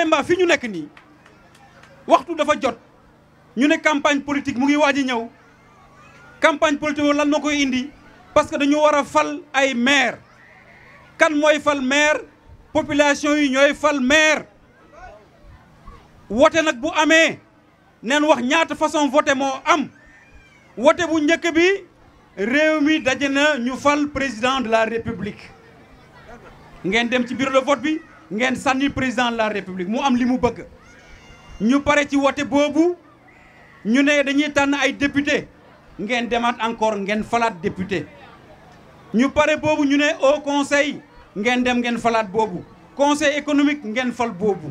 ne mbaa fi ñu nekk nii waxtu dafa jot ñu ne campagne politique mu ngi waji ñew campagne politique lan moo indi parce que dañu wara fal ay maire kan moy fal maire population yi ñoy fal maire wote nak bu Amé. N'en wax ñaata façon voter mo am wote bu njëkk bi réew mi daje na ñu fal président de la république ngeen dem ci bureau de vote bi ngeen président de la république mu am li mu bëgg ñu paré ci bobu ñu dañuy ay député ngeen encore ngeen falat député ñu paré Nous ñu au conseil ngeen dem ngeen falat conseil économique ngeen fal bobu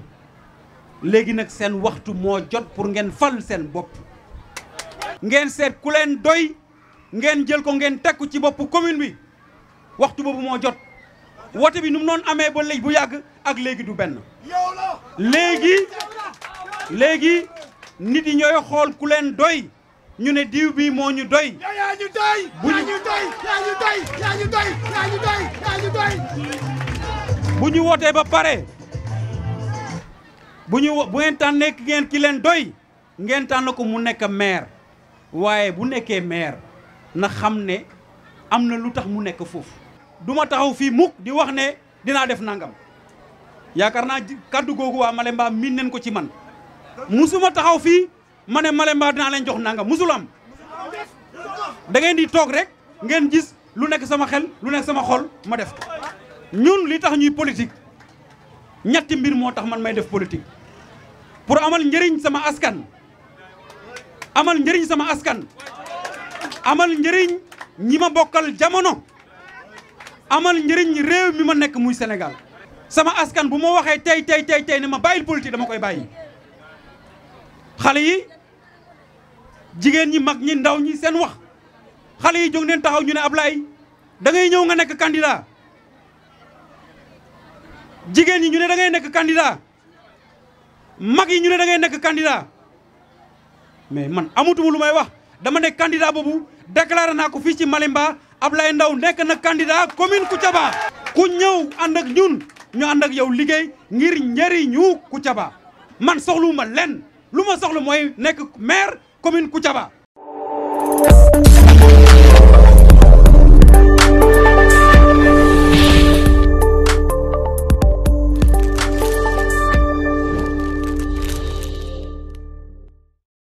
légui s'en waxtu jot pour ngeen fal s'en bop ngeen ku doy ngeen jël ko ngeen ci commune bi waxtu woote bi nu mu noon amee ba léegi bu yàgg ak léegi du benn léegi léegi nit yi ñooy xool ku leen doy ñu ne diw bi moo ñu doy yaa ñu doy yaa bu ñu wootee ba pare bu ñu bu ngeen ki leen doy ngeen tànn ko mu nekk maire waaye bu nekkee maire na xam ne am na lu tax mu nekk foofu duma taxaw fi mukk di wax ne dina def nangam ya karena kaddu gogu wa Malemba min nen ko ci man musuma taxaw fi mané Malemba dina len jox nangam musul am da ngeen di tok rek ngeen gis lu nek sama xel lu nek sama xol ma def ko ñun li tax ñuy politique ñatti mbir politik tax man may def politique pour amal njeriñ sama askan amal njeriñ sama askan amal njeriñ ñima bokal jamono amal njëriñ réew mi ma nekk muy Sénégal sama askan bu ma waxee tey tey tey tey ne ma bàyyil politique dama koy bàyyi xale yi jigéen ñi mag ñi ndaw ñi seen wax xale yi jóg neen taxaw ñu ne Ablaye da ngay ñëw nga nekk candidat jigéen ñi ñu ne da ngay nekk candidat mag yi ñu ne da ngay nekk candidat mais man amatuma lu may wax dama nekk candidat boobu déclaré naa ko fii ci malimbaa ab lay Ndaw nekk na candidat commune Kouthiaba ku ñëw ànd ak ñun ñu ànd ak yow liggéey ngir ku caba man soxlu ma lenn lu ma soxla mooy nekk maire commune caba